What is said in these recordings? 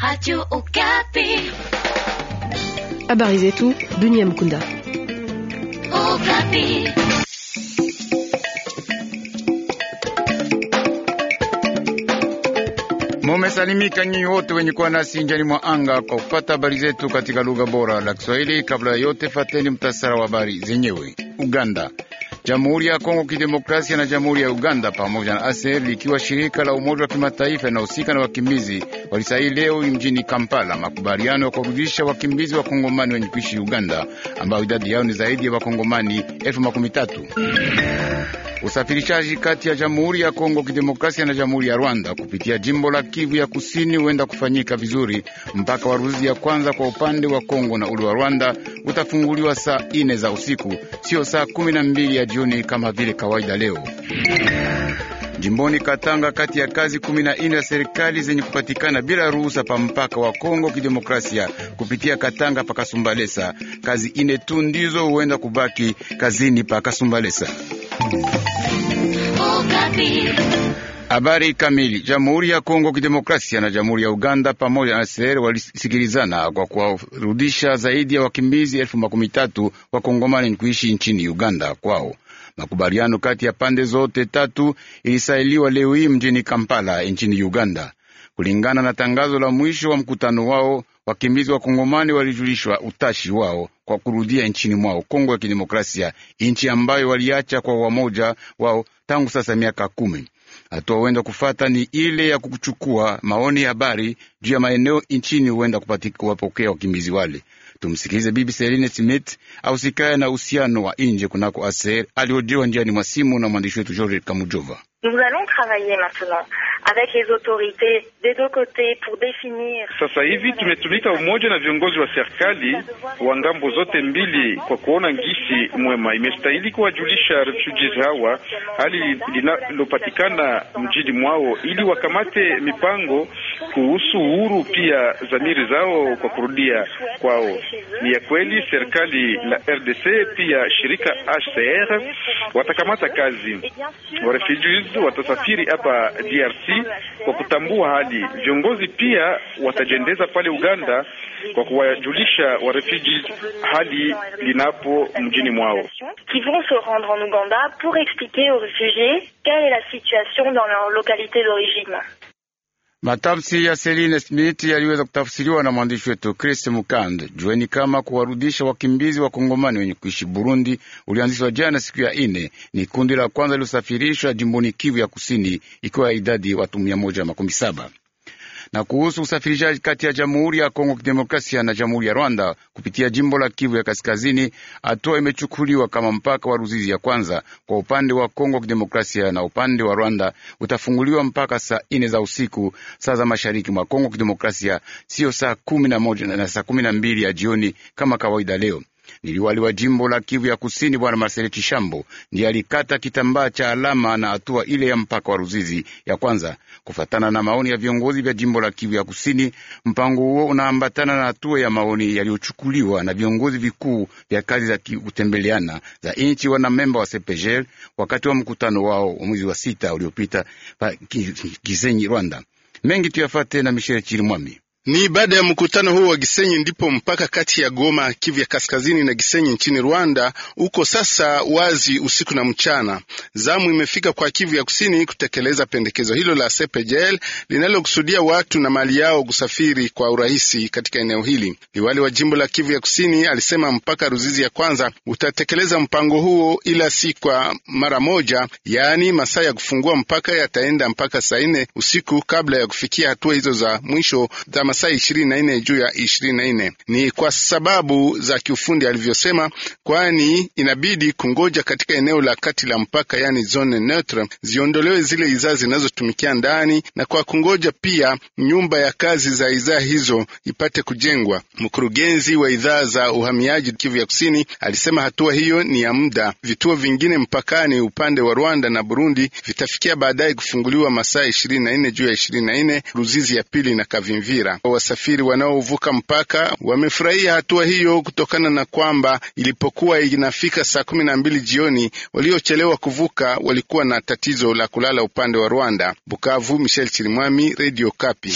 Radio Okapi. Habari zetu dunia Mkunda. Okapi. Mumesalimika nyinyi wote wenye kuwa nasi njani mwa anga kwa kupata habari zetu katika lugha bora la Kiswahili. Kabla ya yote, fateni mtasara wa habari zenyewe. Uganda Jamhuri ya Kongo Kidemokrasia na Jamhuri ya Uganda pamoja na ASER likiwa shirika la Umoja wa Kimataifa linahusika na wakimbizi walisaini leo mjini Kampala makubaliano ya kurudisha wakimbizi wa Kongomani wenye kuishi Uganda ambao idadi yao ni zaidi ya Wakongomani elfu makumi tatu. Usafirishaji kati ya Jamhuri ya Kongo Kidemokrasia na Jamhuri ya Rwanda kupitia jimbo la Kivu ya Kusini huenda kufanyika vizuri. Mpaka wa Ruzi ya kwanza kwa upande wa Kongo na ule wa Rwanda utafunguliwa saa ine za usiku, sio saa kumi na mbili ya jioni kama vile kawaida leo. Jimboni Katanga, kati ya kazi kumi na za serikali zenye kupatikana bila ruhusa pa mpaka wa Kongo Kidemokrasia kupitia Katanga pa Kasumbalesa, kazi ine tu ndizo huenda kubaki kazini pa Kasumbalesa. Habari kamili. Jamhuri ya Kongo Kidemokrasia na Jamhuri ya Uganda pamoja na SR walisikilizana kwa kuwarudisha zaidi ya wakimbizi elfu makumi tatu wa Kongomani kuishi nchini Uganda kwao. Makubaliano kati ya pande zote tatu ilisailiwa leo hii mjini Kampala nchini Uganda. Kulingana na tangazo la mwisho wa mkutano wao, wakimbizi wa Kongomani walijulishwa utashi wao kwa kurudia nchini mwao Kongo ya Kidemokrasia, nchi ambayo waliacha kwa wamoja wao tangu sasa miaka kumi. Hatua huenda kufata ni ile ya kuchukua maoni ya habari juu ya maeneo nchini huenda kuwapokea wakimbizi wale. Tumsikilize Bibi Serine Smith ausikaya na uhusiano wa nje kunako ASER, aliojewa njiani mwa simu na mwandishi wetu George Kamujova. Nous allons travailler maintenant avec les autorités des deux côtés pour definir. Sasa hivi tumetumika umoja na viongozi wa serikali wa ngambo zote mbili kwa kuona ngisi mwema imestahili kuwajulisha refugees hawa hali linalopatikana mjini mwao ili wakamate mipango kuhusu uhuru pia dhamiri zao kwa kurudia kwao. Ni ya kweli serikali la RDC pia shirika HCR watakamata kazi, refugees watasafiri hapa DRC kwa kutambua hali. Viongozi pia watajendeza pale Uganda kwa kuwajulisha refugees hali linapo mjini mwao qui vont se rendre en pour expliquer aux réfugiés quelle est la situation dans leur localité d'origine. Matamsi ya Celine Smith yaliweza kutafsiriwa na mwandishi wetu Chris Mukande. Jueni kama kuwarudisha wakimbizi wa Kongomani wenye kuishi Burundi ulianzishwa jana siku ya ine. Ni kundi la kwanza lilosafirishwa jimboni Kivu ya Kusini, ikiwa idadi watu mia moja makumi saba na kuhusu usafirishaji kati ya Jamhuri ya Kongo Kidemokrasia na Jamhuri ya Rwanda kupitia jimbo la Kivu ya Kaskazini, hatua imechukuliwa kama mpaka wa Ruzizi ya kwanza kwa upande wa Kongo Kidemokrasia na upande wa Rwanda utafunguliwa mpaka saa ine za usiku, saa za mashariki mwa Kongo Kidemokrasia, siyo saa kumi na moja na saa kumi na mbili ya jioni kama kawaida leo. Liwali wa jimbo la Kivu ya Kusini, Bwana marcele Chishambo, ndiye alikata kitambaa cha alama na hatua ile ya mpaka wa Ruzizi ya kwanza. Kufatana na maoni ya viongozi vya jimbo la Kivu ya Kusini, mpango huo unaambatana na hatua ya maoni yaliyochukuliwa na viongozi vikuu vya kazi za kutembeleana za nchi wanamemba wa CEPGL wakati wa mkutano wao wa mwezi wa sita uliopita Gisenyi, Rwanda. Mengi tuyafate na Michel Chirimwami. Ni baada ya mkutano huo wa Gisenyi ndipo mpaka kati ya Goma Kivu ya kaskazini na Gisenyi nchini Rwanda uko sasa wazi usiku na mchana. Zamu imefika kwa Kivu ya kusini kutekeleza pendekezo hilo la CPGL linalokusudia watu na mali yao kusafiri kwa urahisi katika eneo hili. Liwali wa jimbo la Kivu ya kusini alisema mpaka Ruzizi ya kwanza utatekeleza mpango huo, ila si kwa mara moja, yaani masaa ya kufungua mpaka yataenda mpaka saa nne usiku kabla ya kufikia hatua hizo za mwisho za masaa ishirini na nne juu ya ishirini na nne Ni kwa sababu za kiufundi alivyosema, kwani inabidi kungoja katika eneo la kati la mpaka, yani zone neutre, ziondolewe zile izaa zinazotumikia ndani na kwa kungoja pia nyumba ya kazi za idhaa hizo ipate kujengwa. Mkurugenzi wa idhaa za uhamiaji Kivu ya Kusini alisema hatua hiyo ni ya muda. Vituo vingine mpakani upande wa Rwanda na Burundi vitafikia baadaye kufunguliwa masaa ishirini na nne juu ya ishirini na nne Ruzizi ya pili na Kavimvira. Wasafiri wanaovuka mpaka wamefurahia hatua hiyo kutokana na kwamba ilipokuwa inafika saa kumi na mbili jioni, waliochelewa kuvuka walikuwa na tatizo la kulala upande wa Rwanda. Bukavu, Michel Chirimwami, Radio Kapi.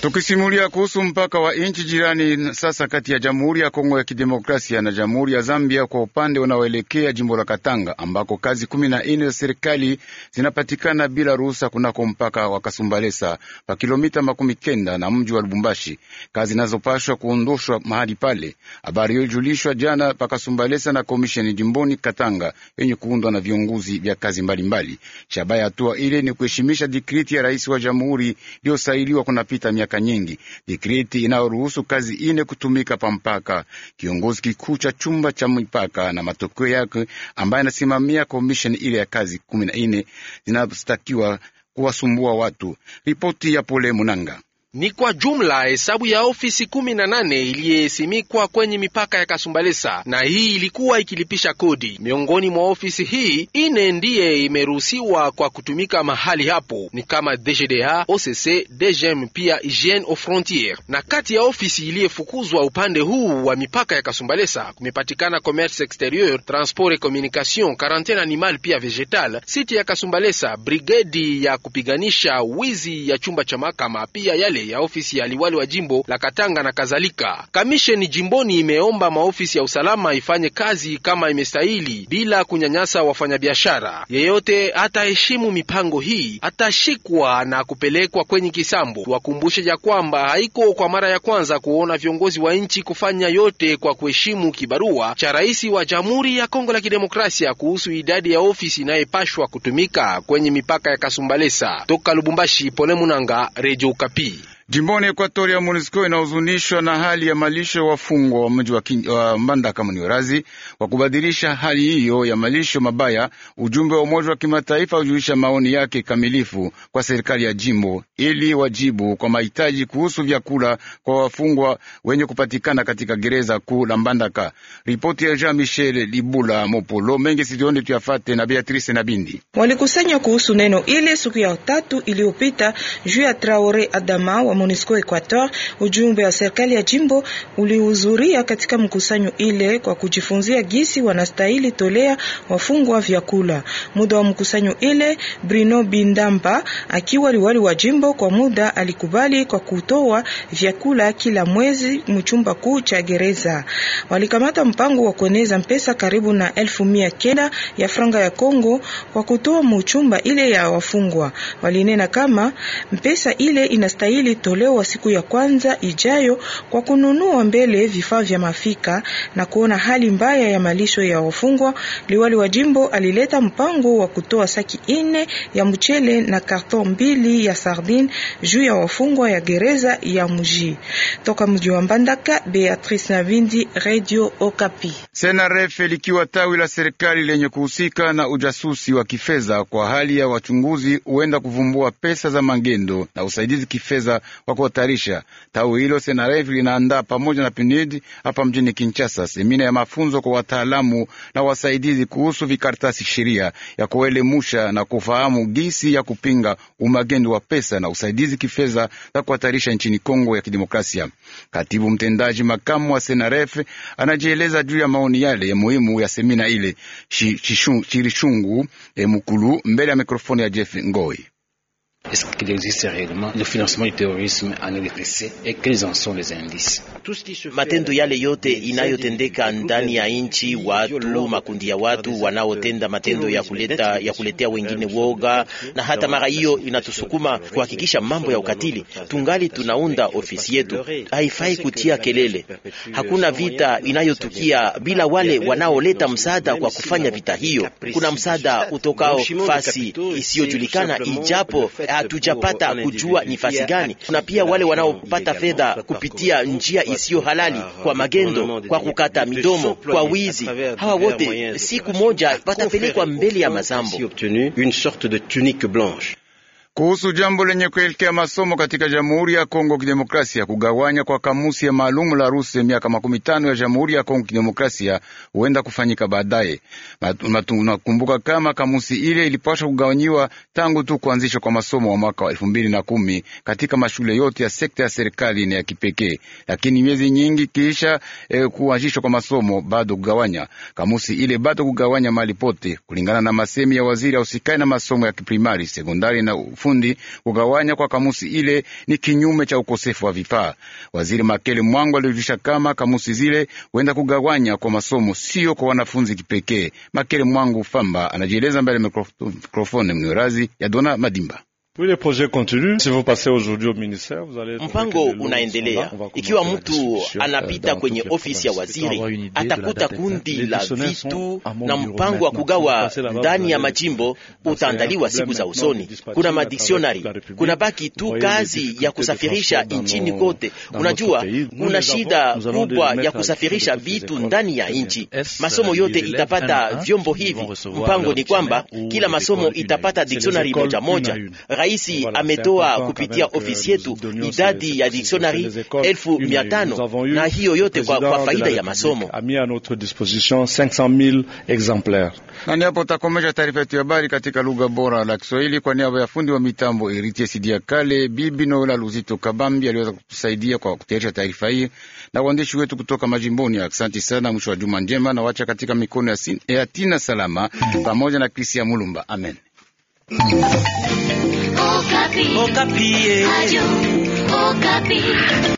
Tukisimulia kuhusu mpaka wa nchi jirani sasa, kati ya Jamhuri ya Kongo ya Kidemokrasia na Jamhuri ya Zambia kwa upande unaoelekea jimbo la Katanga, ambako kazi kumi na nne za serikali zinapatikana bila ruhusa kunako mpaka wa Kasumbalesa pa kilomita makumi kenda na mji wa Lubumbashi, kazi zinazopashwa kuondoshwa mahali pale. Habari hiyo ilijulishwa jana pa Kasumbalesa na komisheni jimboni Katanga yenye kuundwa na viongozi vya kazi mbalimbali. Shabaha ya hatua ile ni kuheshimisha dikriti ya rais wa jamhuri iliyosailiwa kunapita miaka nyingi dikriti inayoruhusu kazi ine kutumika pa mpaka. Kiongozi kikuu cha chumba cha mipaka na matokeo yake, ambaye anasimamia komisheni ile ya kazi kumi na ine zinazotakiwa kuwasumbua watu. Ripoti ya Pole Munanga. Ni kwa jumla hesabu ya ofisi kumi na nane iliyesimikwa kwenye mipaka ya Kasumbalesa, na hii ilikuwa ikilipisha kodi. Miongoni mwa ofisi hii ine ndiye imeruhusiwa kwa kutumika mahali hapo, ni kama DGDA, OCC, DGM pia hygiene aux frontières. Na kati ya ofisi iliyefukuzwa upande huu wa mipaka ya Kasumbalesa kumepatikana commerce exterieur, transport et communication, quarantaine animal pia vegetal, siti ya Kasumbalesa, brigedi ya kupiganisha wizi ya chumba cha mahakama pia yale ya ofisi ya liwali wa jimbo la Katanga na kadhalika. Kamisheni jimboni imeomba maofisi ya usalama ifanye kazi kama imestahili bila kunyanyasa wafanyabiashara. Yeyote ataheshimu mipango hii atashikwa na kupelekwa kwenye kisambo. Tuwakumbushe ya kwamba haiko kwa mara ya kwanza kuona viongozi wa nchi kufanya yote kwa kuheshimu kibarua cha rais wa Jamhuri ya Kongo la Kidemokrasia kuhusu idadi ya ofisi inayepashwa kutumika kwenye mipaka ya Kasumbalesa. Toka Lubumbashi, Pole Munanga, Redio Okapi. Jimboni ya MONUSCO inahuzunishwa na hali ya malisho ya wafungwa wa mji wa Mbandaka Muniorazi. Kwa kubadilisha hali hiyo ya malisho mabaya, ujumbe wa Umoja wa Kimataifa hujulisha maoni yake kamilifu kwa serikali ya jimbo ili wajibu kwa mahitaji kuhusu vyakula kwa wafungwa wenye kupatikana katika gereza kuu la Mbandaka. Ripoti ya Jean Michel Libula Mopolo mengi sidioni tuyafate na Beatrice Nabindi walikusanya kuhusu neno ile siku ya tatu iliyopita juu ya Traore Adama wa MONUSCO Equator, ujumbe wa serikali ya jimbo ulihudhuria katika mkusanyo ile kwa kujifunzia gisi wanastahili tolea wafungwa vyakula. Muda wa mkusanyo ile, Bruno Bindamba akiwa liwali wa jimbo kwa muda, alikubali kwa kutoa vyakula kila mwezi mchumba kuu cha gereza. Walikamata mpango wa kueneza pesa karibu na elfu mia kenda ya franga ya Kongo kwa kutoa mchumba ile ya wafungwa. Walinena kama mpesa ile inastahili itatolewa siku ya kwanza ijayo kwa kununua mbele vifaa vya mafika na kuona hali mbaya ya malisho ya wafungwa. Liwali wa jimbo alileta mpango wa kutoa saki ine ya mchele na karton mbili ya sardine juu ya wafungwa ya gereza ya mji. Toka mji wa Mbandaka, Beatrice Navindi, Radio Okapi. Senarefe likiwa tawi la serikali lenye kuhusika na ujasusi wa kifedha kwa hali ya wachunguzi huenda kuvumbua pesa za magendo na usaidizi kifedha kwa kuhatarisha Tawi hilo Senaref linaandaa pamoja na Pinidi hapa mjini Kinshasa semina ya mafunzo kwa wataalamu na wasaidizi kuhusu vikaratasi sheria ya kuelemusha na kufahamu gisi ya kupinga umagendi wa pesa na usaidizi kifedha za kuhatarisha nchini Kongo ya Kidemokrasia. Katibu mtendaji makamu wa Senaref anajieleza juu ya maoni yale ya muhimu ya semina ile. Chirishungu Emukulu mbele ya mikrofoni ya Jeff Ngoi. Est-ce qu'il existe réellement le financement du terrorisme en RDC et quels en sont les indices? Matendo yale yote inayotendeka ndani ya nchi, watu makundi ya watu wanaotenda euh, matendo ya kuleta, ya kuletea wengine woga, na hata mara hiyo inatusukuma kuhakikisha mambo ya ukatili. Tungali tunaunda ofisi yetu, haifai kutia kelele. Hakuna vita inayotukia bila wale wanaoleta msaada kwa kufanya vita hiyo. Kuna msaada utokao fasi isiyojulikana ijapo hatujapata kujua ni fasi gani. Kuna pia wale wanaopata fedha kupitia njia isiyo halali, ah, kwa ah, magendo, kwa kukata midomo, kwa wizi. Hawa wote siku moja watapelekwa mbele ya mazambo kuhusu jambo lenye kuelekea masomo katika Jamhuri ya Kongo Kidemokrasia, kugawanya kwa kamusi ya maalumu la rusi ya miaka makumi tano ya Jamhuri ya Kongo Kidemokrasia huenda kufanyika baadaye. Nakumbuka kama kamusi ile ilipaswa kugawanyiwa tangu tu kuanzishwa kwa masomo wa mwaka wa elfu mbili na kumi katika mashule yote ya sekta ya serikali na ya kipekee, lakini miezi nyingi kisha eh, kuanzishwa kwa masomo bado kugawanya kamusi ile bado kugawanya mali pote, kulingana na masemi ya waziri ausikai na masomo ya kiprimari, sekondari na ufu kiufundi. kugawanya kwa kamusi ile ni kinyume cha ukosefu wa vifaa. Waziri Makele Mwangu alirudisha kama kamusi zile huenda kugawanya kwa masomo, sio kwa wanafunzi kipekee. Makele Mwangu Famba anajieleza mbele ya mikrofoni mnyorazi ya Dona Madimba. Mpango unaendelea. Ikiwa mtu euh, anapita kwenye ofisi ya waziri, atakuta kundi la vitu na mpango wa kugawa ndani ya majimbo utaandaliwa siku za usoni. Kuna madiksionari, kuna baki tu kazi ya kusafirisha nchini kote. Unajua, kuna shida kubwa ya kusafirisha vitu ndani ya nchi. Masomo yote itapata vyombo hivi. Mpango ni kwamba kila masomo itapata diksionari moja moja raisi ametoa kupitia ofisi yetu idadi ya dictionary elfu mia tano na hiyo yote kwa, kwa faida ya masomo. Na hapo takomesha taarifa yetu ya habari katika lugha bora la Kiswahili kwa niaba ya fundi wa mitambo Eritier Sidia Kale, bibi Noela Luzito Kabambi aliweza kutusaidia kwa kutayarisha taarifa hii na waandishi wetu kutoka majimboni. asanti sana, mwisho wa juma njema, na wacha katika mikono ya, sin, ya Tina Salama pamoja na Krisia Mulumba. Amen. Okapi. Okapi.